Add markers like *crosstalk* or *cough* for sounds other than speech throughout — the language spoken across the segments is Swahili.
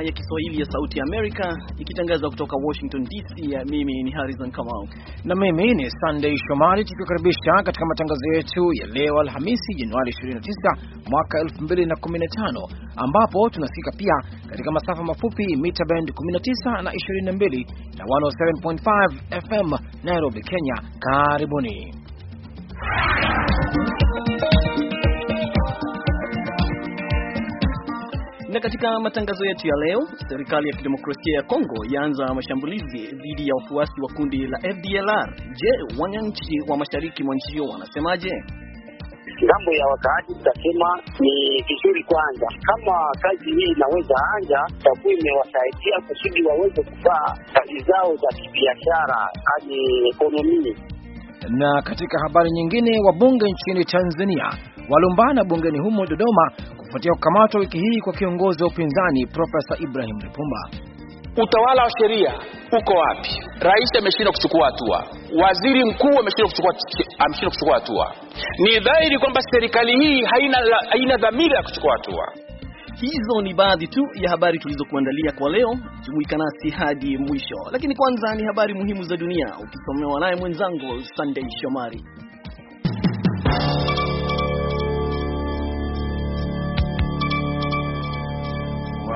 idhaa ya Kiswahili ya Sauti ya Amerika ikitangaza kutoka Washington DC. Ya mimi ni Harrison Kamau na mimi ni Sunday Shomari, tukiwakaribisha katika matangazo yetu ya leo Alhamisi, Januari 29 mwaka 2015, ambapo tunasikika pia katika masafa mafupi mita band 19 na 22 na 107.5 FM Nairobi, Kenya. Karibuni. Na katika matangazo yetu ya leo, serikali ya kidemokrasia ya Kongo yaanza mashambulizi dhidi ya wafuasi wa kundi la FDLR. Je, wananchi wa mashariki mwa nchi hiyo wanasemaje? Ngambo ya wakaaji tutasema ni vizuri kwanza, kama kazi hii inaweza anja, takuwa imewasaidia kusudi waweze kufaa kazi zao za kibiashara hadi ekonomii. Na katika habari nyingine, wabunge nchini Tanzania walumbana bungeni humo Dodoma kufuatia kukamatwa wiki hii kwa kiongozi wa upinzani Profesa Ibrahim Lipumba. Utawala wa sheria uko wapi? Rais ameshindwa kuchukua hatua, waziri mkuu ameshindwa kuchukua hatua. Ni dhahiri kwamba serikali hii haina, haina dhamira ya kuchukua hatua. Hizo ni baadhi tu ya habari tulizokuandalia kwa leo. Jumuika nasi hadi mwisho, lakini kwanza ni habari muhimu za dunia ukisomewa naye mwenzangu Sunday Shomari.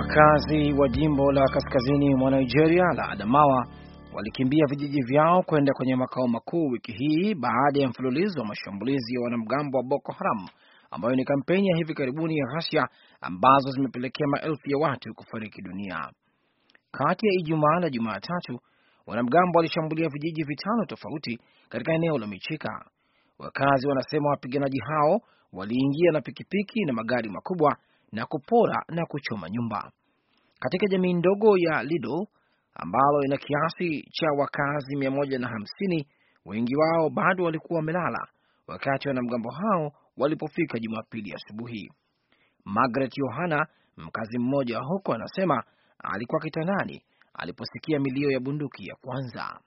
Wakazi wa jimbo la kaskazini mwa Nigeria la Adamawa walikimbia vijiji vyao kwenda kwenye makao makuu wiki hii baada ya mfululizo wa mashambulizi ya wanamgambo wa Boko Haram ambayo ni kampeni ya hivi karibuni ya ghasia ambazo zimepelekea maelfu ya watu kufariki dunia. Kati ya Ijumaa na Jumatatu, wanamgambo walishambulia vijiji vitano tofauti katika eneo la Michika. Wakazi wanasema wapiganaji hao waliingia na pikipiki na magari makubwa na kupora na kuchoma nyumba katika jamii ndogo ya Lido ambalo ina kiasi cha wakazi hamsini, Wengi wao bado walikuwa wamelala wakati wanamgambo hao walipofika Jumapili asubuhi. Margaret Yohana, mkazi mmoja wa huko, anasema alikuwa kitandani aliposikia milio ya bunduki ya kwanza.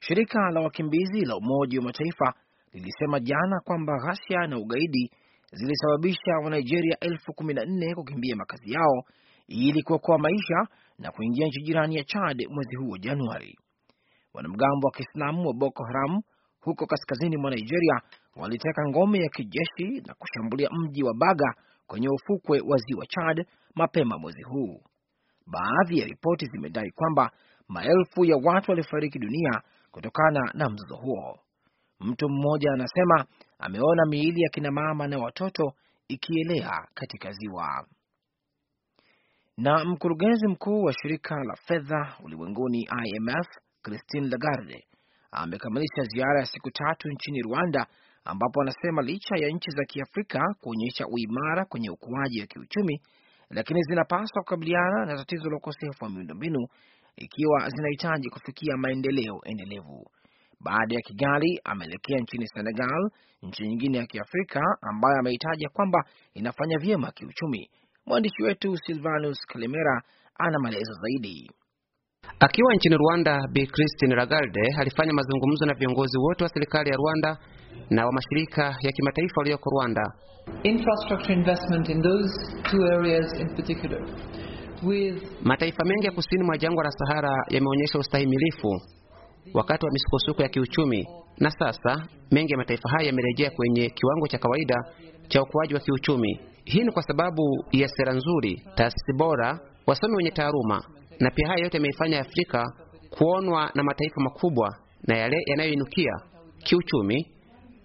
Shirika la wakimbizi la Umoja wa Mataifa lilisema jana kwamba ghasia na ugaidi zilisababisha Wanigeria elfu kumi na nne kukimbia makazi yao ili kuokoa maisha na kuingia nchi jirani ya Chad mwezi huu wa Januari. Wanamgambo wa Kiislamu wa Boko Haram huko kaskazini mwa Nigeria waliteka ngome ya kijeshi na kushambulia mji wa Baga kwenye ufukwe wa ziwa Chad mapema mwezi huu. Baadhi ya ripoti zimedai kwamba maelfu ya watu walifariki dunia kutokana na mzozo huo. Mtu mmoja anasema ameona miili ya kina mama na watoto ikielea katika ziwa. Na mkurugenzi mkuu wa shirika la fedha ulimwenguni IMF Christine Lagarde amekamilisha ziara ya siku tatu nchini Rwanda, ambapo anasema licha ya nchi za Kiafrika kuonyesha uimara kwenye ukuaji wa kiuchumi, lakini zinapaswa kukabiliana na tatizo la ukosefu wa miundombinu ikiwa zinahitaji kufikia maendeleo endelevu. Baada ya Kigali, ameelekea nchini Senegal, nchi nyingine ya Kiafrika ambayo ameitaja kwamba inafanya vyema kiuchumi. Mwandishi wetu Silvanus Kalimera ana maelezo zaidi. Akiwa nchini Rwanda, Bi Christine Lagarde alifanya mazungumzo na viongozi wote wa serikali ya Rwanda na wa mashirika ya kimataifa walioko Rwanda. Infrastructure investment in those two areas in particular. With... mataifa mengi ya kusini mwa jangwa la Sahara yameonyesha ustahimilifu wakati wa misukosuko ya kiuchumi, na sasa mengi ya mataifa haya yamerejea kwenye kiwango cha kawaida cha ukuaji wa kiuchumi. Hii ni kwa sababu ya sera nzuri, taasisi bora, wasomi wenye taaluma, na pia haya yote yameifanya Afrika kuonwa na mataifa makubwa na yale yanayoinukia kiuchumi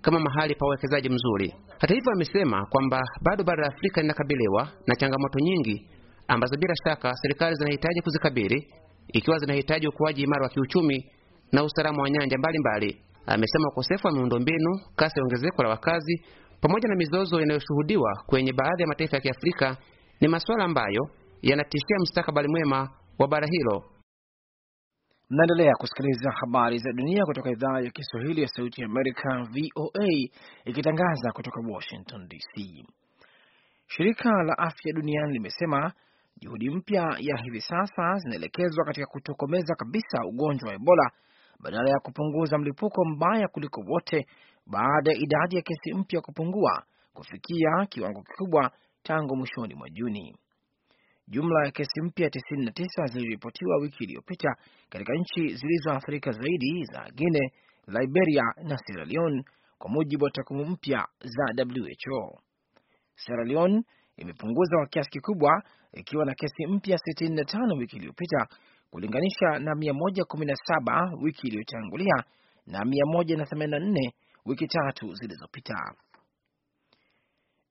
kama mahali pa uwekezaji mzuri. Hata hivyo, amesema kwamba bado bara la Afrika linakabiliwa na changamoto nyingi ambazo bila shaka serikali zinahitaji kuzikabili ikiwa zinahitaji ukuaji imara wa kiuchumi na usalama wa nyanja mbalimbali. Amesema ukosefu wa miundombinu, kasi ya ongezeko la wakazi, pamoja na mizozo inayoshuhudiwa kwenye baadhi ya mataifa ya Kiafrika ni masuala ambayo yanatishia mustakabali mwema wa bara hilo. Mnaendelea kusikiliza habari za dunia kutoka idhaa ya Kiswahili ya Sauti ya Amerika, VOA, ikitangaza kutoka Washington DC. Shirika la Afya Duniani limesema juhudi mpya ya hivi sasa zinaelekezwa katika kutokomeza kabisa ugonjwa wa Ebola badala ya kupunguza mlipuko mbaya kuliko wote baada ya idadi ya kesi mpya kupungua kufikia kiwango kikubwa tangu mwishoni mwa Juni. Jumla ya kesi mpya 99 ziliripotiwa wiki iliyopita katika nchi zilizoathirika zaidi za Guine, Liberia na Sierra Leone, kwa mujibu wa takwimu mpya za WHO. Sierra Leone imepunguza kwa kiasi kikubwa, ikiwa na kesi mpya 65 wiki iliyopita kulinganisha na 117 wiki iliyotangulia na 184 wiki tatu zilizopita.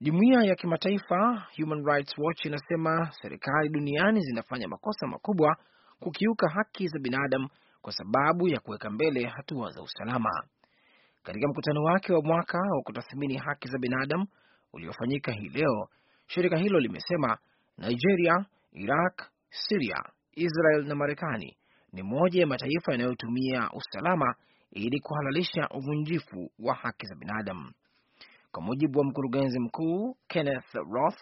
Jumuiya ya kimataifa Human Rights Watch inasema serikali duniani zinafanya makosa makubwa kukiuka haki za binadamu kwa sababu ya kuweka mbele hatua za usalama. Katika mkutano wake wa mwaka wa kutathmini haki za binadamu uliofanyika hii leo, shirika hilo limesema Nigeria, Iraq, Siria, Israel na Marekani ni moja ya mataifa yanayotumia usalama ili kuhalalisha uvunjifu wa haki za binadamu. Kwa mujibu wa mkurugenzi mkuu Kenneth Roth,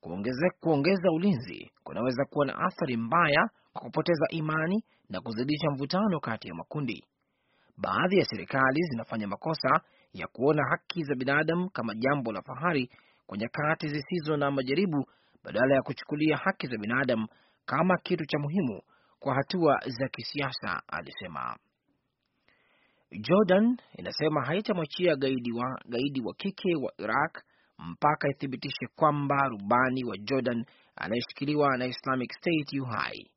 kuongeza, kuongeza ulinzi kunaweza kuwa na athari mbaya kwa kupoteza imani na kuzidisha mvutano kati ya makundi. Baadhi ya serikali zinafanya makosa ya kuona haki za binadamu kama jambo la fahari kwa nyakati zisizo na majaribu badala ya kuchukulia haki za binadamu kama kitu cha muhimu kwa hatua za kisiasa, alisema. Jordan inasema haitamwachia gaidi wa, gaidi wa kike wa Iraq mpaka ithibitishe kwamba rubani wa Jordan anayeshikiliwa na Islamic State yu hai.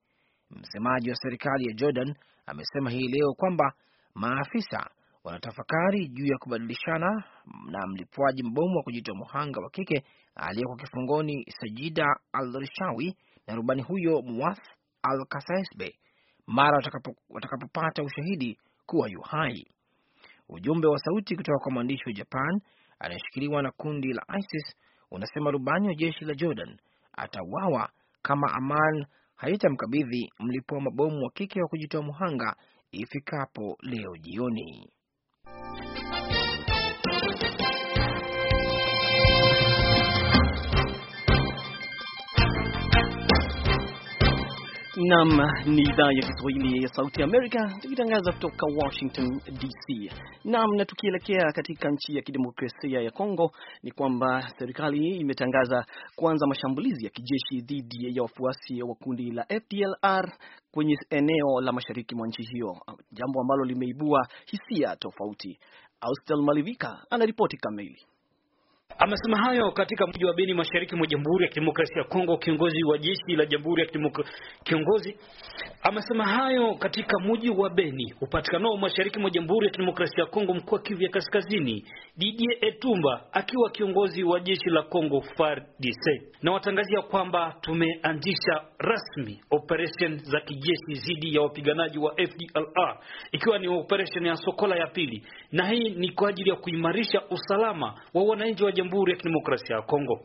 Msemaji wa serikali ya Jordan amesema hii leo kwamba maafisa wanatafakari juu ya kubadilishana na mlipuaji mbomu wa kujitoa muhanga wa kike aliyekuwa kifungoni Sajida Al-Rishawi na rubani huyo Muath al Kasaesbe mara watakapopata ushahidi kuwa yu hai. Ujumbe wa sauti kutoka kwa mwandishi wa Japan anayeshikiliwa na kundi la ISIS unasema rubani wa jeshi la Jordan atawawa kama Aman haitamkabidhi mlipua mabomu wa kike wa kujitoa muhanga ifikapo leo jioni. Nam ni idhaa ya Kiswahili ya Sauti Amerika tukitangaza kutoka Washington DC. Nam, na tukielekea katika nchi ya kidemokrasia ya Kongo, ni kwamba serikali imetangaza kuanza mashambulizi ya kijeshi dhidi ya wafuasi wa kundi la FDLR kwenye eneo la mashariki mwa nchi hiyo, jambo ambalo limeibua hisia tofauti. Austel Malivika anaripoti kamili. Amesema hayo katika mji wa Beni mashariki mwa Jamhuri ya Kidemokrasia ya Kongo. Kiongozi wa jeshi la Jamhuri ya Kidemokrasia kiongozi amesema hayo katika mji wa Beni upatikanao mashariki mwa Jamhuri ya Kidemokrasia ya Kongo, mkoa Kivu ya Kaskazini. Didier Etumba akiwa kiongozi wa jeshi la Kongo FARDC, na watangazia kwamba tumeanzisha rasmi operation za kijeshi dhidi ya wapiganaji wa FDLR ikiwa ni operation ya Sokola ya pili, na hii ni kwa ajili ya kuimarisha usalama wa wananchi wa Jamhuri ya Kidemokrasia ya Kongo.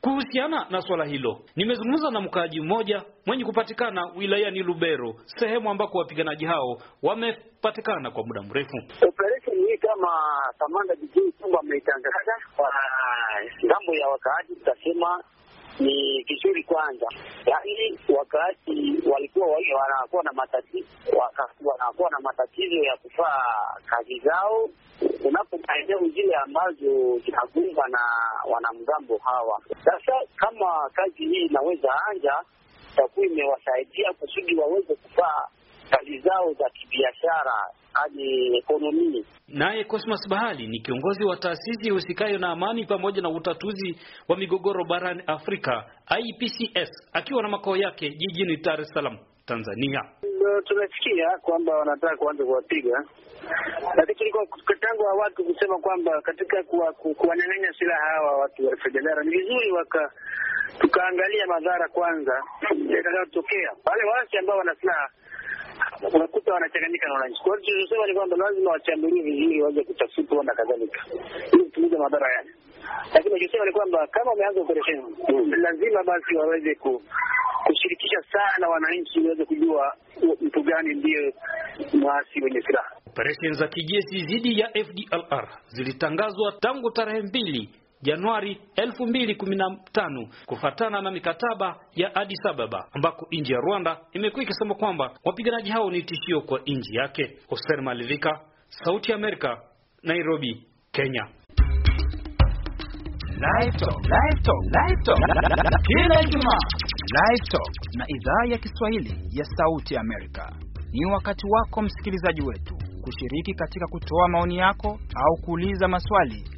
Kuhusiana na swala hilo, nimezungumza na mkaaji mmoja mwenye kupatikana wilayani Lubero, sehemu ambako wapiganaji hao wamepatikana kwa muda mrefu. Operesheni hii kama kamanda jijini Tumba ameitangaza kwa ngambo ya wakaaji, tutasema ni vizuri kwanza, yaani wakati walikuwa wale wanakuwa na matatizo wanakuwa na matatizo ya kufaa kazi zao, unapo maeneo zile ambazo zinagumba na wanamgambo hawa. Sasa kama kazi hii inaweza anja, itakuwa imewasaidia kusudi waweze kufaa kazi zao za kibiashara hadi ekonomi Naye Cosmas Bahali ni kiongozi wa taasisi husikayo na amani pamoja na utatuzi wa migogoro barani Afrika IPCS, akiwa na makao yake jijini Dar es Salaam, Tanzania. Tunasikia kwamba wanataka kuanza kuwapiga, lakini kwa tangu wa watu kusema kwamba katika kuwanyang'anya silaha hawa watu wa Federa ni vizuri waka tukaangalia madhara kwanza yatakayotokea pale, wasi ambao wana silaha unakuta wanachanganyika na wananchi. Kwa hiyo tunachosema ni kwamba lazima wachambulie vizuri, waje kutafutwa na kadhalika, ili kupunguza madhara yale. Lakini nachosema ni kwamba kama wameanza operesheni, lazima basi waweze ku kushirikisha sana wananchi waweze kujua mtu gani ndiye mwasi wenye silaha. Operesheni za kijeshi dhidi ya FDLR zilitangazwa tangu tarehe mbili Januari 2015 kufuatana na mikataba ya Addis Ababa, ambako nchi ya Rwanda imekuwa ikisema kwamba wapiganaji hao ni tishio kwa nchi yake. Hoser Malivika, Sauti ya Amerika, Nairobi, Kenya. na idhaa ya Kiswahili ya Sauti ya Amerika. Ni wakati wako msikilizaji wetu kushiriki katika kutoa maoni yako au kuuliza maswali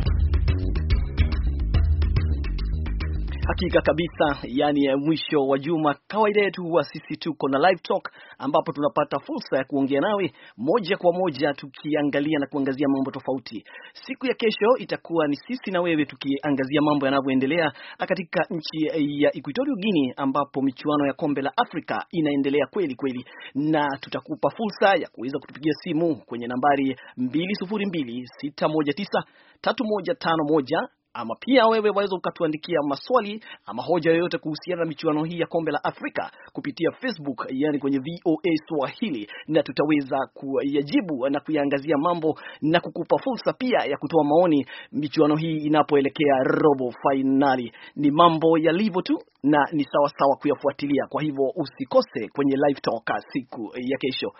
Hakika kabisa, yani eh, mwisho wa juma kawaida yetu huwa sisi tuko na live talk, ambapo tunapata fursa ya kuongea nawe moja kwa moja tukiangalia na kuangazia mambo tofauti. Siku ya kesho itakuwa ni sisi na wewe tukiangazia mambo yanavyoendelea katika nchi eh, ya Equatorial Guinea, ambapo michuano ya kombe la Afrika inaendelea kweli kweli, na tutakupa fursa ya kuweza kutupigia simu kwenye nambari 2026193151 ama pia wewe waweza ukatuandikia maswali ama hoja yoyote kuhusiana na michuano hii ya kombe la Afrika kupitia Facebook, yani kwenye VOA Swahili, na tutaweza kuyajibu na kuyaangazia mambo na kukupa fursa pia ya kutoa maoni michuano hii inapoelekea robo fainali. Ni mambo yalivyo tu na ni sawasawa kuyafuatilia. Kwa hivyo usikose kwenye live talk siku ya kesho.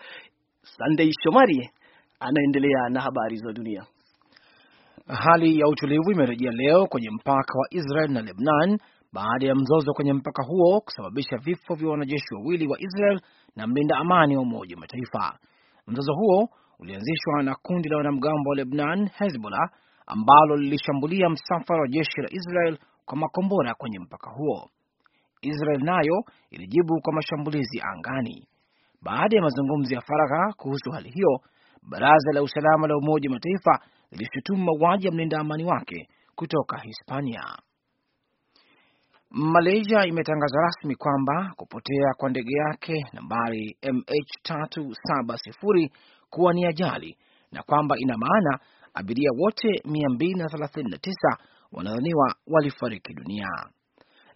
Sunday Shomari anaendelea na habari za dunia. Hali ya utulivu imerejea leo kwenye mpaka wa Israel na Lebanon baada ya mzozo kwenye mpaka huo kusababisha vifo vya wanajeshi wawili wa Israel na mlinda amani wa Umoja wa Mataifa. Mzozo huo ulianzishwa na kundi la wanamgambo wa Lebanon Hezbollah ambalo lilishambulia msafara wa jeshi la Israel kwa makombora kwenye mpaka huo. Israel nayo ilijibu kwa mashambulizi angani. Baada ya mazungumzo ya faragha kuhusu hali hiyo, Baraza la Usalama la Umoja wa Mataifa lilishutumu mauaji ya mlinda amani wake kutoka Hispania. Malaysia imetangaza rasmi kwamba kupotea kwa ndege yake nambari MH370 kuwa ni ajali na kwamba ina maana abiria wote 239 wanadhaniwa walifariki dunia.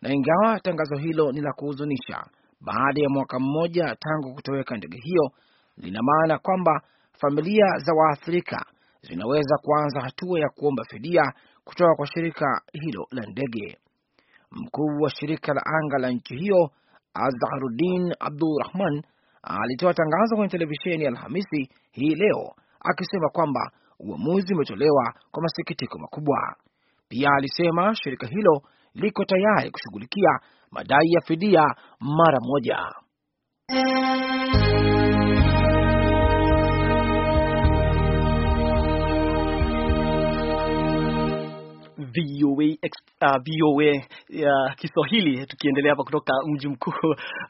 Na ingawa tangazo hilo ni la kuhuzunisha, baada ya mwaka mmoja tangu kutoweka ndege hiyo, lina maana kwamba familia za waathirika zinaweza kuanza hatua ya kuomba fidia kutoka kwa shirika hilo la ndege. Mkuu wa shirika la anga la nchi hiyo abdul rahman alitoa tangazo kwenye televisheni Alhamisi hii leo akisema kwamba uamuzi umetolewa kwa masikitiko makubwa. Pia alisema shirika hilo liko tayari kushughulikia madai ya fidia mara moja. Eh. Uh, VOA, uh, VOA ya Kiswahili tukiendelea hapa kutoka mji mkuu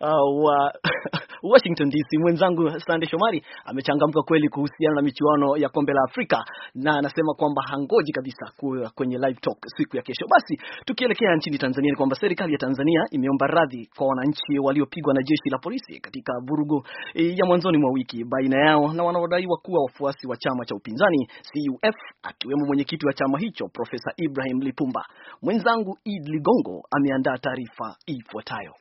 uh, wa *laughs* Washington DC. Mwenzangu Sande Shomari amechangamka kweli kuhusiana na michuano ya kombe la Afrika na anasema kwamba hangoji kabisa kuwa kwenye live talk siku ya kesho. Basi tukielekea nchini Tanzania, ni kwamba serikali ya Tanzania imeomba radhi kwa wananchi waliopigwa na jeshi la polisi katika vurugu eh, ya mwanzoni mwa wiki baina yao na wanaodaiwa kuwa wafuasi wa chama cha upinzani CUF, akiwemo mwenyekiti wa chama hicho Profesa Ibrahim mlipumba Lipumba. Mwenzangu Id Ligongo ameandaa taarifa ifuatayo.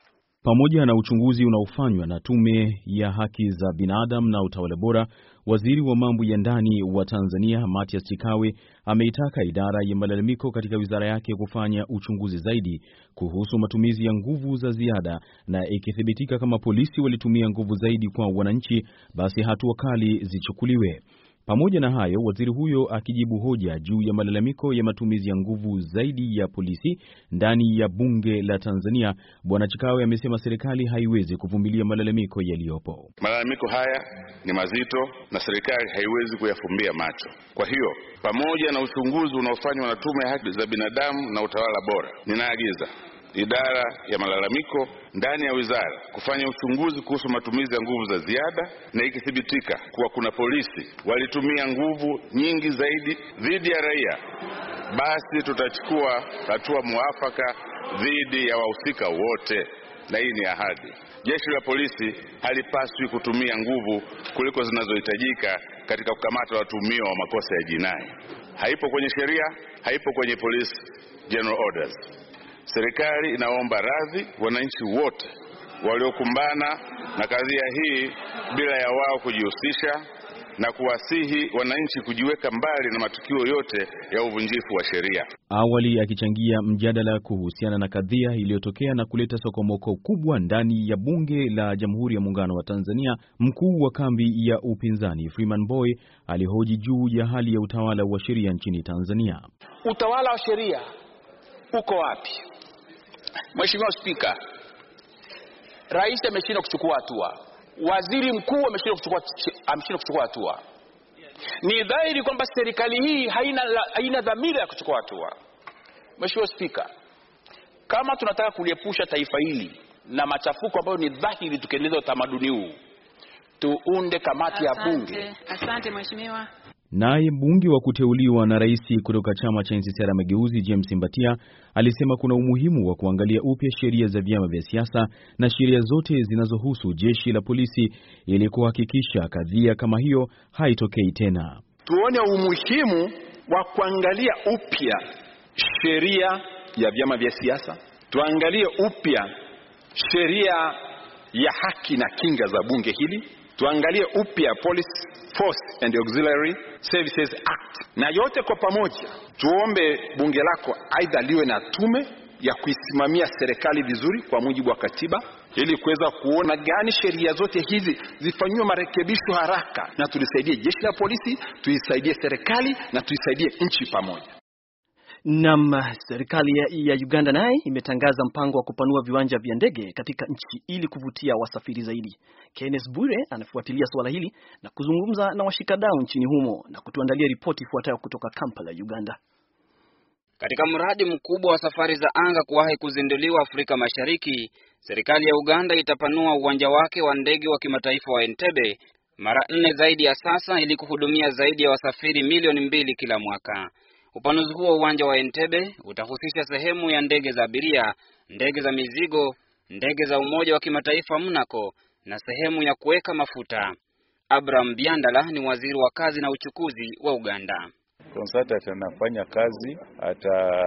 Pamoja na uchunguzi unaofanywa na Tume ya Haki za Binadamu na Utawala Bora, waziri wa mambo ya ndani wa Tanzania matias Chikawe ameitaka idara ya malalamiko katika wizara yake kufanya uchunguzi zaidi kuhusu matumizi ya nguvu za ziada, na ikithibitika kama polisi walitumia nguvu zaidi kwa wananchi, basi hatua kali zichukuliwe. Pamoja na hayo, waziri huyo akijibu hoja juu ya malalamiko ya matumizi ya nguvu zaidi ya polisi ndani ya bunge la Tanzania, Bwana Chikawe amesema serikali haiwezi kuvumilia malalamiko yaliyopo. Malalamiko haya ni mazito na serikali haiwezi kuyafumbia macho. Kwa hiyo, pamoja na uchunguzi unaofanywa na Tume ya Haki za Binadamu na Utawala Bora, ninaagiza idara ya malalamiko ndani ya wizara kufanya uchunguzi kuhusu matumizi ya nguvu za ziada, na ikithibitika kuwa kuna polisi walitumia nguvu nyingi zaidi dhidi ya raia, basi tutachukua hatua muafaka dhidi ya wahusika wote, na hii ni ahadi. Jeshi la polisi halipaswi kutumia nguvu kuliko zinazohitajika katika kukamata watuhumiwa wa makosa ya jinai. Haipo kwenye sheria, haipo kwenye police general orders. Serikali inaomba radhi wananchi wote waliokumbana na kadhia hii bila ya wao kujihusisha na kuwasihi wananchi kujiweka mbali na matukio yote ya uvunjifu wa sheria. Awali akichangia mjadala kuhusiana na kadhia iliyotokea na kuleta sokomoko kubwa ndani ya bunge la Jamhuri ya Muungano wa Tanzania, mkuu wa kambi ya upinzani Freeman Boy alihoji juu ya hali ya utawala wa sheria nchini Tanzania. Utawala wa sheria uko wapi? Mheshimiwa Spika, rais ameshindwa kuchukua hatua, waziri mkuu ameshindwa kuchukua, ameshindwa kuchukua hatua. Ni dhahiri kwamba serikali hii haina, haina dhamira ya kuchukua hatua. Mheshimiwa Spika, kama tunataka kuliepusha taifa hili na machafuko ambayo ni dhahiri tukiendeleza utamaduni huu, tuunde kamati ya bunge. Asante mheshimiwa. Naye mbunge wa kuteuliwa na rais kutoka chama cha NCCR Mageuzi, James Mbatia alisema kuna umuhimu wa kuangalia upya sheria za vyama vya siasa na sheria zote zinazohusu jeshi la polisi ili kuhakikisha kadhia kama hiyo haitokei tena. Tuone umuhimu wa kuangalia upya sheria ya vyama vya siasa, tuangalie upya sheria ya haki na kinga za bunge hili tuangalie upya Police Force and Auxiliary Services Act, na yote kwa pamoja tuombe bunge lako aidha liwe na tume ya kuisimamia serikali vizuri kwa mujibu wa katiba ili kuweza kuona gani sheria zote hizi zifanyiwe marekebisho haraka, na tulisaidie jeshi la polisi, tuisaidie serikali na tuisaidie nchi pamoja. Nam, serikali ya Uganda naye imetangaza mpango wa kupanua viwanja vya ndege katika nchi ili kuvutia wasafiri zaidi. Kenneth Bure anafuatilia suala hili na kuzungumza na washikadau nchini humo na kutuandalia ripoti ifuatayo kutoka Kampala, Uganda. Katika mradi mkubwa wa safari za anga kuwahi kuzinduliwa Afrika Mashariki, serikali ya Uganda itapanua uwanja wake wa ndege wa kimataifa wa Entebbe mara nne zaidi ya sasa ili kuhudumia zaidi ya wasafiri milioni mbili kila mwaka. Upanuzi huo wa uwanja wa Entebbe utahusisha sehemu ya ndege za abiria, ndege za mizigo, ndege za umoja wa kimataifa MONUSCO na sehemu ya kuweka mafuta. Abraham Biandala ni waziri wa kazi na uchukuzi wa Uganda. Consultant anafanya kazi ata,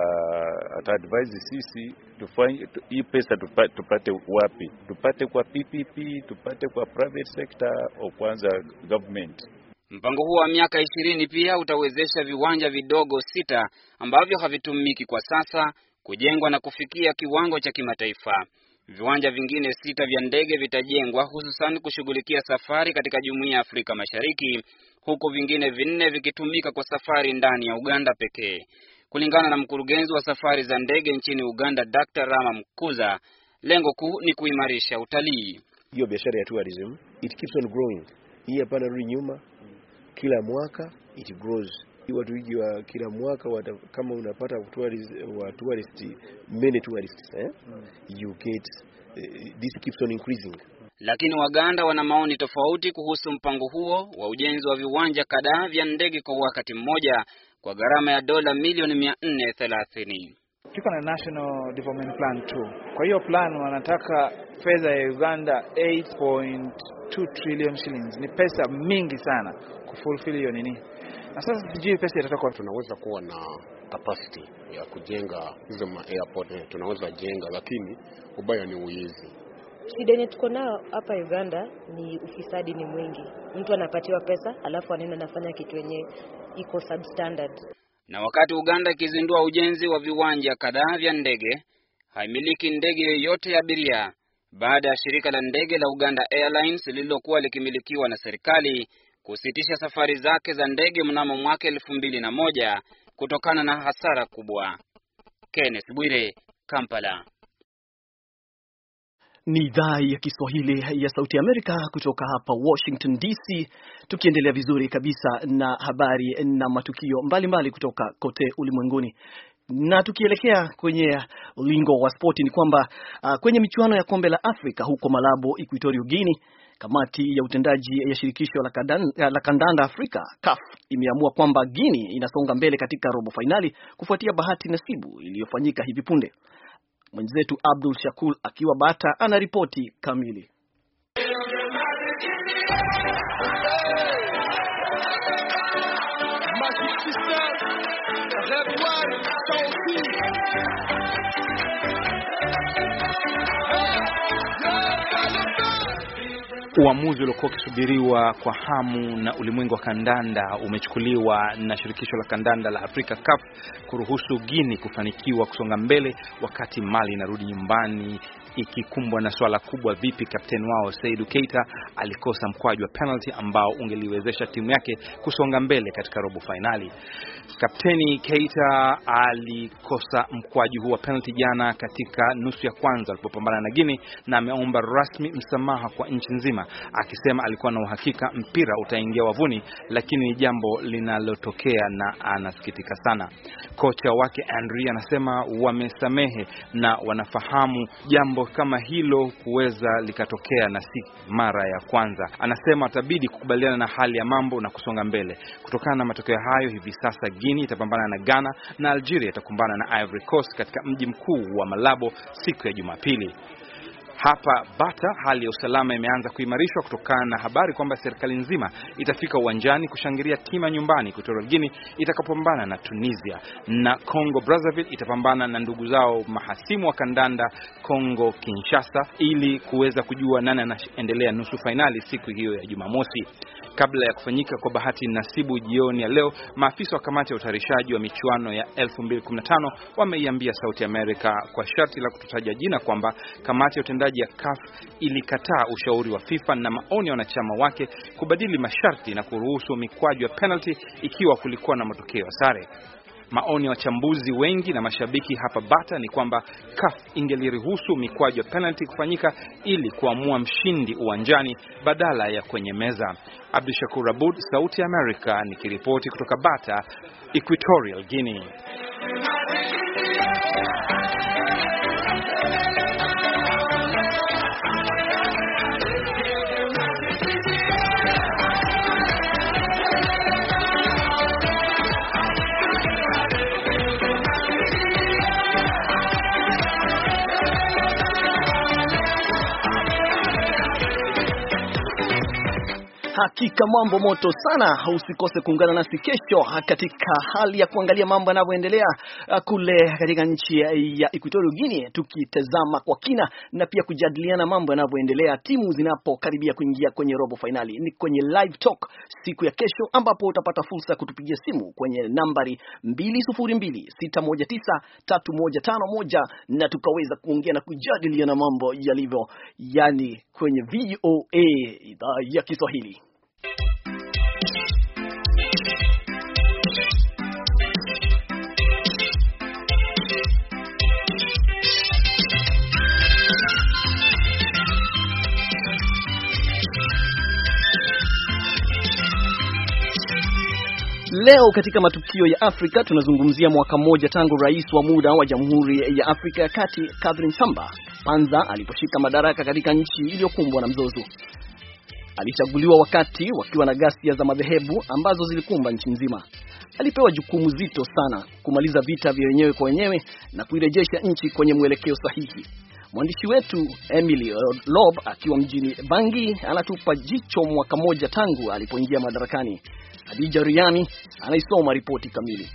ata advise sisi tufanye hii pesa tupate, tupate wapi? Tupate kwa PPP, tupate kwa private sector au kwanza government? Mpango huo wa miaka ishirini pia utawezesha viwanja vidogo sita ambavyo havitumiki kwa sasa kujengwa na kufikia kiwango cha kimataifa. Viwanja vingine sita vya ndege vitajengwa hususan kushughulikia safari katika Jumuiya ya Afrika Mashariki, huku vingine vinne vikitumika kwa safari ndani ya Uganda pekee. Kulingana na mkurugenzi wa safari za ndege nchini Uganda, Dr. Rama Mkuza, lengo kuu ni kuimarisha utalii. Hiyo biashara ya tourism it keeps on growing. Hii hapana rudi nyuma kila mwaka it grows. Watu wengi wa kila mwaka wata, kama unapata tourist, wa tourist, many tourists eh? Hmm. You get, uh, this keeps on increasing. Lakini Waganda wana maoni tofauti kuhusu mpango huo wa ujenzi wa viwanja kadhaa vya ndege kwa wakati mmoja kwa gharama ya dola milioni 430 tuko na National Development Plan 2. Kwa hiyo plan wanataka fedha ya Uganda 8.2 trillion shillings, ni pesa mingi sana kufulfill hiyo nini. Na sasa sijui pesa itatoka, tunaweza kuwa na capacity ya kujenga hizo ma airport eh, tunaweza jenga, lakini ubaya ni uizi. Shida yenye tuko nayo hapa Uganda ni ufisadi ni mwingi. Mtu anapatiwa pesa alafu anaenda anafanya kitu yenye iko substandard na wakati Uganda ikizindua ujenzi wa viwanja kadhaa vya ndege, haimiliki ndege yoyote ya abiria baada ya shirika la ndege la Uganda Airlines lililokuwa likimilikiwa na serikali kusitisha safari zake za ndege mnamo mwaka elfu mbili na moja kutokana na hasara kubwa. Kenneth Bwire, Kampala. Ni idhaa ya Kiswahili ya Sauti ya Amerika kutoka hapa Washington DC, tukiendelea vizuri kabisa na habari na matukio mbalimbali mbali kutoka kote ulimwenguni. Na tukielekea kwenye ulingo wa spoti, ni kwamba uh, kwenye michuano ya kombe la Afrika huko Malabo, Equatorial Guinea, kamati ya utendaji ya shirikisho la kandanda, eh, la kandanda Afrika CAF imeamua kwamba Guinea inasonga mbele katika robo fainali kufuatia bahati nasibu iliyofanyika hivi punde. Mwenzetu Abdul Shakur akiwa Bata anaripoti kamili. Uamuzi uliokuwa ukisubiriwa kwa hamu na ulimwengu wa kandanda umechukuliwa na shirikisho la kandanda la Afrika CAF kuruhusu Guinea kufanikiwa kusonga mbele wakati Mali inarudi nyumbani ikikumbwa na swala kubwa, vipi kapteni wao Saidu Keita alikosa mkwaju wa penalty ambao ungeliwezesha timu yake kusonga mbele katika robo fainali. Kapteni Keita alikosa mkwaju huu wa penalty jana katika nusu ya kwanza alipopambana na Gini, na ameomba rasmi msamaha kwa nchi nzima, akisema alikuwa na uhakika mpira utaingia wavuni, lakini ni jambo linalotokea na anasikitika sana. Kocha wake Andri anasema wamesamehe na wanafahamu jambo kama hilo kuweza likatokea na si mara ya kwanza. Anasema atabidi kukubaliana na hali ya mambo na kusonga mbele. Kutokana na matokeo hayo, hivi sasa Guinea itapambana na Ghana na Algeria itakumbana na Ivory Coast katika mji mkuu wa Malabo siku ya Jumapili. Hapa Bata hali ya usalama imeanza kuimarishwa kutokana na habari kwamba serikali nzima itafika uwanjani kushangilia tima nyumbani kutoka Guinea itakapopambana na Tunisia, na Congo Brazzaville itapambana na ndugu zao mahasimu wa kandanda Congo Kinshasa, ili kuweza kujua nani anaendelea nusu fainali siku hiyo ya Jumamosi. Kabla ya kufanyika kwa bahati nasibu jioni ya leo, maafisa wa kamati ya utayarishaji wa michuano ya 2015 wameiambia Sauti Amerika kwa sharti la kutotaja jina kwamba kamati ya utendaji ya CAF ilikataa ushauri wa FIFA na maoni ya wanachama wake kubadili masharti na kuruhusu mikwaju ya penalty ikiwa kulikuwa na matokeo ya sare. Maoni ya wachambuzi wengi na mashabiki hapa Bata ni kwamba CAF ingeliruhusu mikwaju ya penalty kufanyika ili kuamua mshindi uwanjani badala ya kwenye meza. Abdu Shakur Abud, Sauti ya Amerika, nikiripoti kutoka Bata, Equatorial Guinea. Hakika mambo moto sana. Usikose kuungana nasi kesho katika hali ya kuangalia mambo yanavyoendelea uh, kule katika nchi ya Equatorial Guinea, tukitazama kwa kina na pia kujadiliana mambo yanavyoendelea timu zinapokaribia kuingia kwenye robo fainali. Ni kwenye live talk siku ya kesho, ambapo utapata fursa ya kutupigia simu kwenye nambari 2026193151 na tukaweza kuongea na kujadiliana mambo yalivyo, yani kwenye VOA idhaa ya Kiswahili. Leo katika matukio ya Afrika tunazungumzia mwaka mmoja tangu rais wa muda wa Jamhuri ya Afrika ya Kati Catherine Samba Panza aliposhika madaraka katika nchi iliyokumbwa na mzozo. Alichaguliwa wakati wakiwa na ghasia za madhehebu ambazo zilikumba nchi nzima. Alipewa jukumu zito sana kumaliza vita vya wenyewe kwa wenyewe na kuirejesha nchi kwenye mwelekeo sahihi. Mwandishi wetu Emily Lob akiwa mjini Bangi anatupa jicho mwaka moja tangu alipoingia madarakani. Hadija Riami anaisoma ripoti kamili.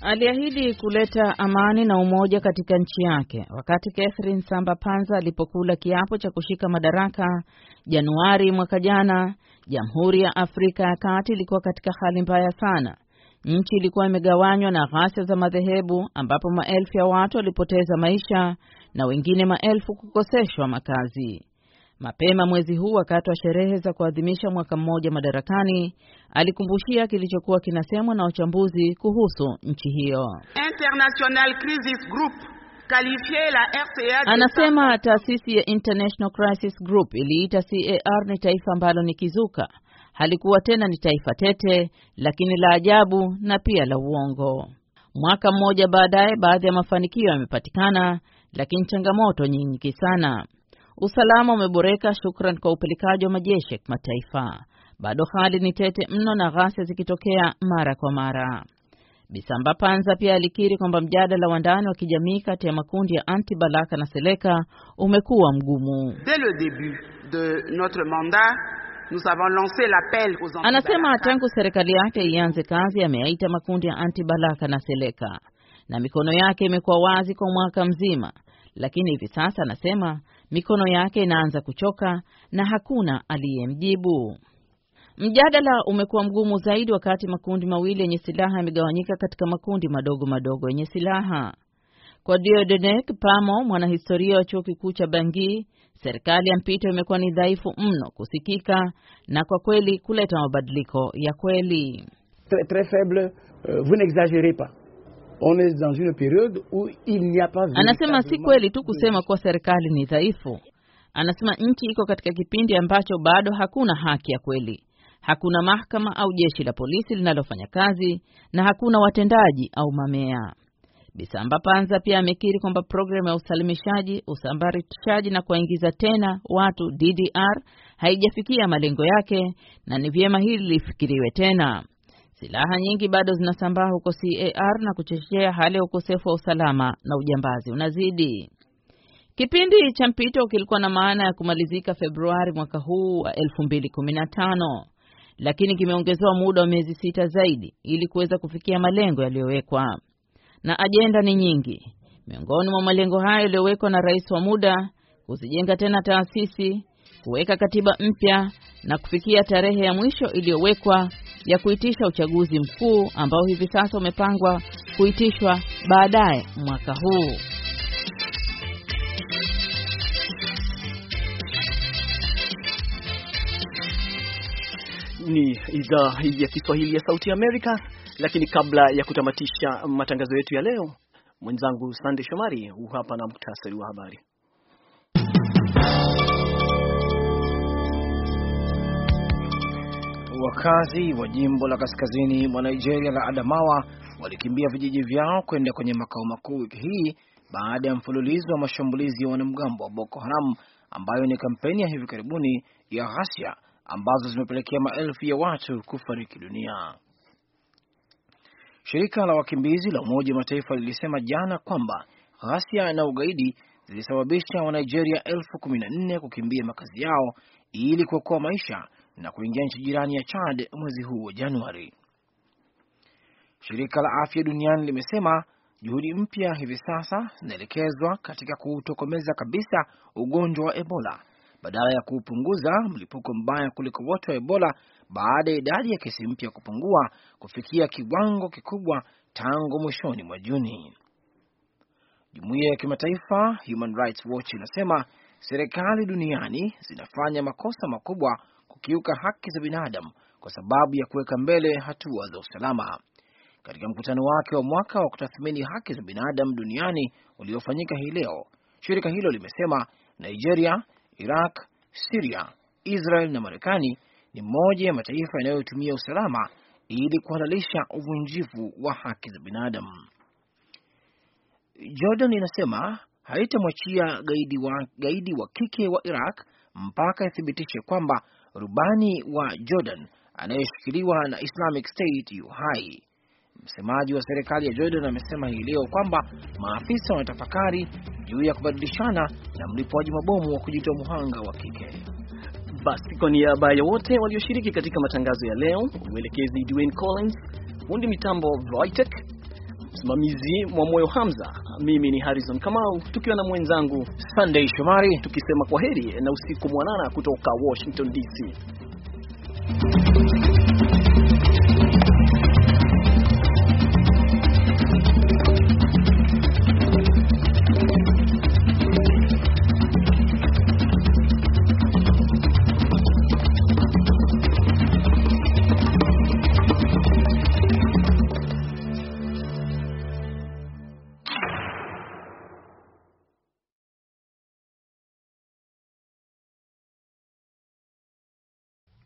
Aliahidi kuleta amani na umoja katika nchi yake wakati Catherine Samba Panza alipokula kiapo cha kushika madaraka Januari mwaka jana. Jamhuri ya Afrika ya Kati ilikuwa katika hali mbaya sana Nchi ilikuwa imegawanywa na ghasia za madhehebu ambapo maelfu ya watu walipoteza maisha na wengine maelfu kukoseshwa makazi. Mapema mwezi huu, wakati wa sherehe za kuadhimisha mwaka mmoja madarakani, alikumbushia kilichokuwa kinasemwa na wachambuzi kuhusu nchi hiyo. International Crisis Group la anasema taasisi ya International Crisis Group iliita CAR ni taifa ambalo ni kizuka halikuwa tena ni taifa tete, lakini la ajabu na pia la uongo. Mwaka mmoja baadaye, baadhi ya mafanikio yamepatikana, lakini changamoto nyingi sana. Usalama umeboreka shukran kwa upelekaji wa majeshi ya kimataifa. Bado hali ni tete mno na ghasia zikitokea mara kwa mara. Bisamba Panza pia alikiri kwamba mjadala wa ndani wa kijamii kati ya makundi ya Anti Balaka na Seleka umekuwa mgumu. Dès le début de notre mandat Anasema tangu serikali yake ianze kazi ameyaita makundi ya anti balaka na seleka na mikono yake imekuwa wazi kwa mwaka mzima, lakini hivi sasa anasema mikono yake inaanza kuchoka na hakuna aliyemjibu. Mjadala umekuwa mgumu zaidi wakati makundi mawili yenye silaha yamegawanyika katika makundi madogo madogo yenye silaha. Kwa Diodenek Pamo, mwanahistoria wa chuo kikuu cha Bangui Serikali ya mpito imekuwa ni dhaifu mno kusikika na kwa kweli kuleta mabadiliko ya kweli. Tres, faible, euh, vous n'exagérez pas. On est dans une où il n'y a pas. Anasema si kweli tu kusema kuwa serikali ni dhaifu. Anasema nchi iko katika kipindi ambacho bado hakuna haki ya kweli, hakuna mahakama au jeshi la polisi linalofanya kazi, na hakuna watendaji au mamea. Bisamba Panza pia amekiri kwamba programu ya usalimishaji, usambaritishaji na kuwaingiza tena watu DDR haijafikia malengo yake na ni vyema hili lifikiriwe tena. Silaha nyingi bado zinasambaa huko CAR na kuchochea hali ya ukosefu wa usalama na ujambazi unazidi. Kipindi cha mpito kilikuwa na maana ya kumalizika Februari mwaka huu wa 2015 lakini kimeongezewa muda wa miezi sita zaidi ili kuweza kufikia malengo yaliyowekwa na ajenda ni nyingi. Miongoni mwa malengo hayo yaliyowekwa na rais wa muda, kuzijenga tena taasisi, kuweka katiba mpya na kufikia tarehe ya mwisho iliyowekwa ya kuitisha uchaguzi mkuu ambao hivi sasa umepangwa kuitishwa baadaye mwaka huu. Ni idhaa ya Kiswahili ya Sauti Amerika. Lakini kabla ya kutamatisha matangazo yetu ya leo, mwenzangu Sande Shomari huu hapa na muktasari wa habari. Wakazi wa jimbo la kaskazini mwa Nigeria la Adamawa walikimbia vijiji vyao kwenda kwenye makao makuu wiki hii baada ya mfululizo wa mashambulizi ya wanamgambo wa Boko Haram ambayo ni kampeni ya hivi karibuni ya ghasia ambazo zimepelekea maelfu ya watu kufariki dunia. Shirika la wakimbizi la Umoja wa Mataifa lilisema jana kwamba ghasia na ugaidi zilisababisha Wanigeria elfu kumi na nne kukimbia makazi yao ili kuokoa maisha na kuingia nchi jirani ya Chad mwezi huu wa Januari. Shirika la Afya Duniani limesema juhudi mpya hivi sasa zinaelekezwa katika kuutokomeza kabisa ugonjwa wa Ebola badala ya kuupunguza, mlipuko mbaya kuliko wote wa Ebola baada ya idadi ya kesi mpya kupungua kufikia kiwango kikubwa tangu mwishoni mwa Juni. Jumuiya ya kimataifa Human Rights Watch inasema serikali duniani zinafanya makosa makubwa kukiuka haki za binadamu kwa sababu ya kuweka mbele hatua za usalama. Katika mkutano wake wa mwaka wa kutathmini haki za binadamu duniani uliofanyika hii leo, shirika hilo limesema Nigeria, Iraq, Siria, Israel na Marekani ni moja ya mataifa yanayotumia usalama ili kuhalalisha uvunjifu wa haki za binadamu. Jordan inasema haitamwachia gaidi wa, gaidi wa kike wa Iraq mpaka ithibitishe kwamba rubani wa Jordan anayeshikiliwa na Islamic State yu hai. Msemaji wa serikali ya Jordan amesema hii leo kwamba maafisa wanatafakari juu ya kubadilishana na mlipuaji mabomu wa kujitoa muhanga wa kike. Basi kwa niaba ya wote walioshiriki katika matangazo ya leo, mwelekezi Dwayne Collins, fundi mitambo Voitech, msimamizi mwa moyo Hamza, mimi ni Harrison Kamau tukiwa na mwenzangu Sunday Shomari tukisema kwa heri na usiku mwanana kutoka Washington DC.